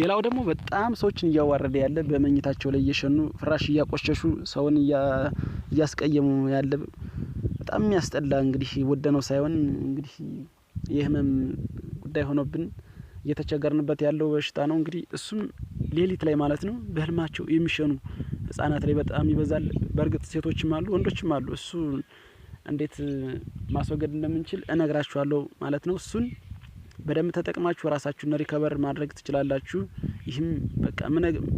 ሌላው ደግሞ በጣም ሰዎችን እያዋረደ ያለ በመኝታቸው ላይ እየሸኑ ፍራሽ እያቆሸሹ ሰውን እያስቀየሙ ያለ በጣም የሚያስጠላ እንግዲህ ወደነው ሳይሆን እንግዲህ የህመም ጉዳይ ሆኖብን እየተቸገርንበት ያለው በሽታ ነው። እንግዲህ እሱም ሌሊት ላይ ማለት ነው በህልማቸው የሚሸኑ ህጻናት ላይ በጣም ይበዛል። በእርግጥ ሴቶችም አሉ ወንዶችም አሉ። እሱ እንዴት ማስወገድ እንደምንችል እነግራችኋለሁ ማለት ነው እሱን በደንብ ተጠቅማችሁ ራሳችሁን ሪከቨር ማድረግ ትችላላችሁ። ይህም በቃ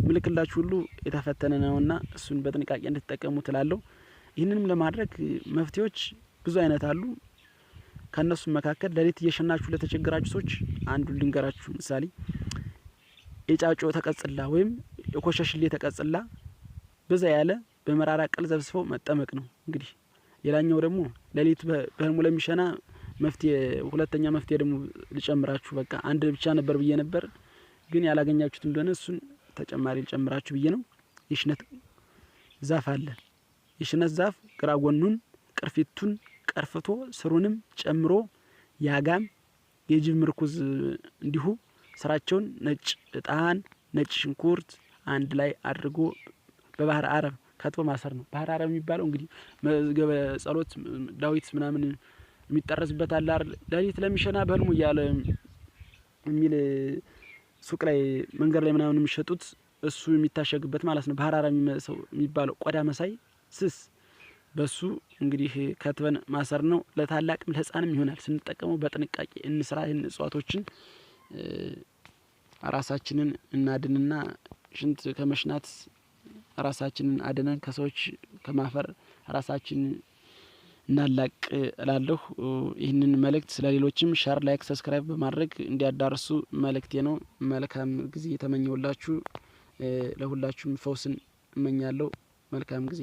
ምልክላችሁ ሁሉ የተፈተነ ነውና እሱን በጥንቃቄ እንድትጠቀሙ ትላለሁ። ይህንንም ለማድረግ መፍትሄዎች ብዙ አይነት አሉ። ከእነሱም መካከል ሌሊት እየሸናችሁ ለተቸገራችሁ ሰዎች አንዱ ልንገራችሁ። ምሳሌ የጫጮ ተቀጽላ ወይም የኮሸሽሌ ተቀጽላ በዛ ያለ በመራራ ቅል ዘብስፈው መጠመቅ ነው። እንግዲህ ሌላኛው ደግሞ ሌሊት በህልሙ ለሚሸና መፍትሄ ሁለተኛ መፍትሄ ደግሞ ልጨምራችሁ በቃ አንድ ብቻ ነበር ብዬ ነበር፣ ግን ያላገኛችሁት እንደሆነ እሱን ተጨማሪ ልጨምራችሁ ብዬ ነው። የሽነት ዛፍ አለ። የሽነት ዛፍ ግራ ጎኑን ቅርፊቱን ቀርፍቶ ስሩንም ጨምሮ ያጋም የጅብ ምርኩዝ እንዲሁ ስራቸውን ነጭ እጣን፣ ነጭ ሽንኩርት አንድ ላይ አድርጎ በባህር አረብ ከጥቦ ማሰር ነው። ባህር አረብ የሚባለው እንግዲህ መዝገበ ጸሎት ዳዊት ምናምን የሚጠረስበት አለ አይደል? ሌሊት ለሚሸና በህልሙ እያለ የሚል ሱቅ ላይ መንገድ ላይ ምናምን የሚሸጡት እሱ የሚታሸግበት ማለት ነው። ባህራራ የሚመሰው የሚባለው ቆዳ መሳይ ስስ በሱ እንግዲህ ከትበን ማሰር ነው። ለታላቅም ለህፃንም ይሆናል። ስንጠቀመው በጥንቃቄ እንስራ። ይህን እጽዋቶችን ራሳችንን እናድንና ሽንት ከመሽናት ራሳችንን አድነን ከሰዎች ከማፈር ራሳችን እናላቅ እላለሁ። ይህንን መልእክት ስለ ሌሎችም ሻር፣ ላይክ፣ ሰብስክራይብ በማድረግ እንዲያዳርሱ መልእክቴ ነው። መልካም ጊዜ የተመኘውላችሁ ለሁላችሁም ፈውስን እመኛለሁ። መልካም ጊዜ